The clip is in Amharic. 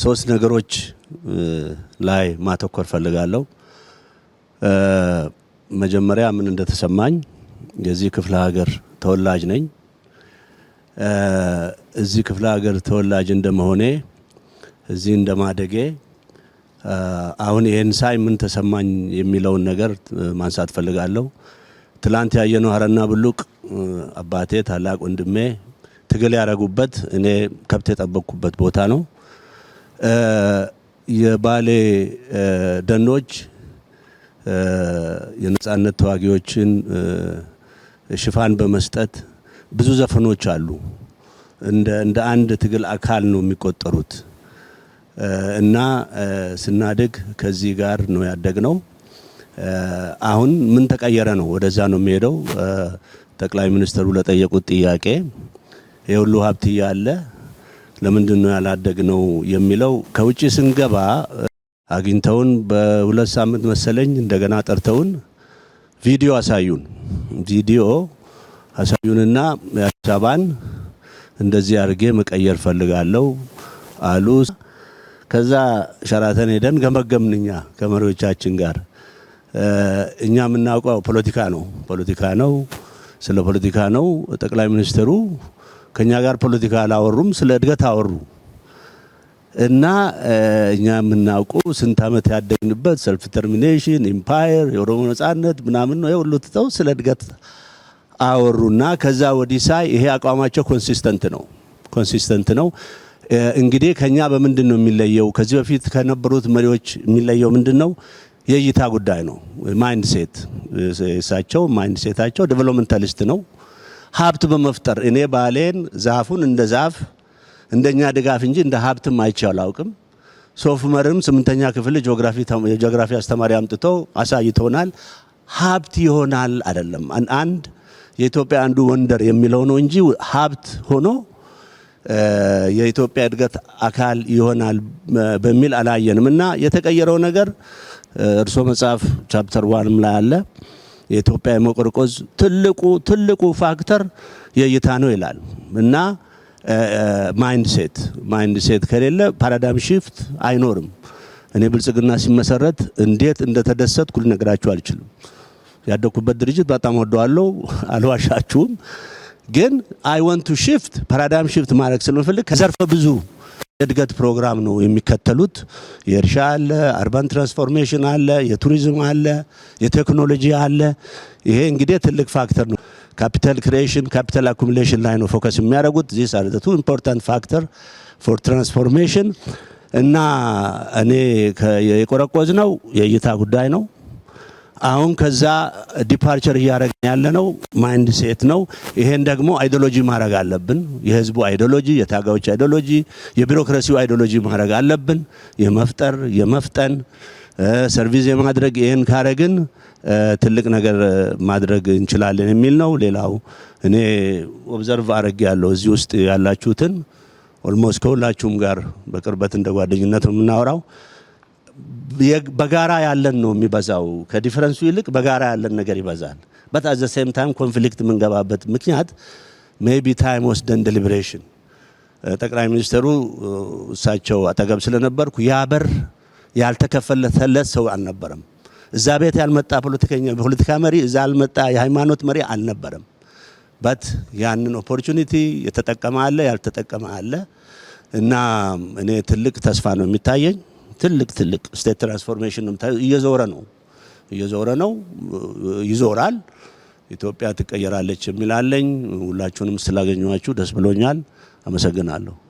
ሶስት ነገሮች ላይ ማተኮር ፈልጋለሁ። መጀመሪያ ምን እንደተሰማኝ የዚህ ክፍለ ሀገር ተወላጅ ነኝ። እዚህ ክፍለ ሀገር ተወላጅ እንደመሆኔ እዚህ እንደማደጌ አሁን ይህን ሳይ ምን ተሰማኝ የሚለውን ነገር ማንሳት ፈልጋለሁ። ትላንት ያየነው ሀረና ብሉቅ አባቴ ታላቅ ወንድሜ ትግል ያደረጉበት እኔ ከብት የጠበቅኩበት ቦታ ነው። የባሌ ደኖች የነጻነት ተዋጊዎችን ሽፋን በመስጠት ብዙ ዘፈኖች አሉ። እንደ አንድ ትግል አካል ነው የሚቆጠሩት እና ስናድግ ከዚህ ጋር ነው ያደግነው። አሁን ምን ተቀየረ ነው ወደዛ ነው የሚሄደው። ጠቅላይ ሚኒስትሩ ለጠየቁት ጥያቄ የሁሉ ሀብት እያለ ለምንድን ነው ያላደግ ነው የሚለው ከውጭ ስንገባ አግኝተውን በሁለት ሳምንት መሰለኝ እንደገና ጠርተውን ቪዲዮ አሳዩን። ቪዲዮ አሳዩንና የአዲስ አበባን እንደዚህ አድርጌ መቀየር ፈልጋለሁ አሉ። ከዛ ሸራተን ሄደን ገመገምን እኛ ከመሪዎቻችን ጋር። እኛ የምናውቀው ፖለቲካ ነው ፖለቲካ ነው ስለ ፖለቲካ ነው። ጠቅላይ ሚኒስትሩ ከእኛ ጋር ፖለቲካ አላወሩም፣ ስለ እድገት አወሩ እና እኛ የምናውቁ ስንት ዓመት ያደግንበት ሰልፍ ተርሚኔሽን፣ ኢምፓየር፣ የኦሮሞ ነጻነት ምናምን ነው ሁሉ ትተው ስለ እድገት እና ከዛ ወዲህ ሳይ ይሄ አቋማቸው ኮንሲስተንት ነው ኮንሲስተንት ነው። እንግዲህ ከኛ በምንድን ነው የሚለየው? ከዚህ በፊት ከነበሩት መሪዎች የሚለየው ምንድን ነው? የእይታ ጉዳይ ነው። ማይንድሴት እሳቸው ማይንድሴታቸው ዴቨሎፕመንታሊስት ነው። ሀብት በመፍጠር እኔ ባሌን ዛፉን እንደ ዛፍ እንደኛ ድጋፍ እንጂ እንደ ሀብትም አይቼው አላውቅም። መርም ስምንተኛ ክፍል የጂኦግራፊ አስተማሪ አምጥቶ አሳይቶናል። ሀብት ይሆናል አይደለም አንድ የኢትዮጵያ አንዱ ወንደር የሚለው ነው እንጂ ሀብት ሆኖ የኢትዮጵያ እድገት አካል ይሆናል በሚል አላየንም። እና የተቀየረው ነገር እርሶ መጽሐፍ ቻፕተር ዋንም ላይ አለ የኢትዮጵያ የመቆርቆዝ ትልቁ ትልቁ ፋክተር የእይታ ነው ይላል እና ማይንድሴት ማይንድሴት ሴት ከሌለ ፓራዳይም ሺፍት አይኖርም። እኔ ብልጽግና ሲመሰረት እንዴት እንደተደሰትኩ ልነግራችሁ አልችልም። ያደግኩበት ድርጅት በጣም ወደዋለሁ፣ አልዋሻችሁም። ግን አይ ወንቱ ሺፍት ፓራዳይም ሺፍት ማድረግ ስለምፈልግ ከዘርፈ ብዙ የእድገት ፕሮግራም ነው የሚከተሉት። የእርሻ አለ፣ አርባን ትራንስፎርሜሽን አለ፣ የቱሪዝም አለ፣ የቴክኖሎጂ አለ። ይሄ እንግዲህ ትልቅ ፋክተር ነው። ካፒታል ክሪኤሽን፣ ካፒታል አኩሚሌሽን ላይ ነው ፎከስ የሚያደርጉት። ዚስ አር ቱ ኢምፖርታንት ፋክተር ፎር ትራንስፎርሜሽን እና እኔ የቆረቆዝ ነው የእይታ ጉዳይ ነው። አሁን ከዛ ዲፓርቸር እያደረግን ያለነው ማይንድ ሴት ነው። ይሄን ደግሞ አይዲዮሎጂ ማድረግ አለብን። የህዝቡ አይዲዮሎጂ፣ የታጋዮች አይዲዮሎጂ፣ የቢሮክራሲው አይዲዮሎጂ ማድረግ አለብን። የመፍጠር የመፍጠን ሰርቪስ የማድረግ ይህን ካረግን ትልቅ ነገር ማድረግ እንችላለን የሚል ነው። ሌላው እኔ ኦብዘርቭ አረግ ያለው እዚህ ውስጥ ያላችሁትን ኦልሞስት ከሁላችሁም ጋር በቅርበት እንደ ጓደኝነት የምናወራው በጋራ ያለን ነው የሚበዛው። ከዲፈረንሱ ይልቅ በጋራ ያለን ነገር ይበዛል። በት አት ዘ ሴም ታይም ኮንፍሊክት የምንገባበት ምክንያት ሜቢ ታይም ወስደን ዴሊብሬሽን ጠቅላይ ሚኒስትሩ እሳቸው አጠገብ ስለነበርኩ ያ በር ያልተከፈተለት ሰው አልነበረም። እዛ ቤት ያልመጣ ፖለቲካ መሪ፣ እዛ ያልመጣ የሃይማኖት መሪ አልነበረም። በት ያንን ኦፖርቹኒቲ የተጠቀመ አለ፣ ያልተጠቀመ አለ እና እኔ ትልቅ ተስፋ ነው የሚታየኝ። ትልቅ ትልቅ ስቴት ትራንስፎርሜሽን ነው እየዞረ ነው እየዞረ ነው ይዞራል። ኢትዮጵያ ትቀየራለች የሚላለኝ። ሁላችሁንም ስላገኘኋችሁ ደስ ብሎኛል። አመሰግናለሁ።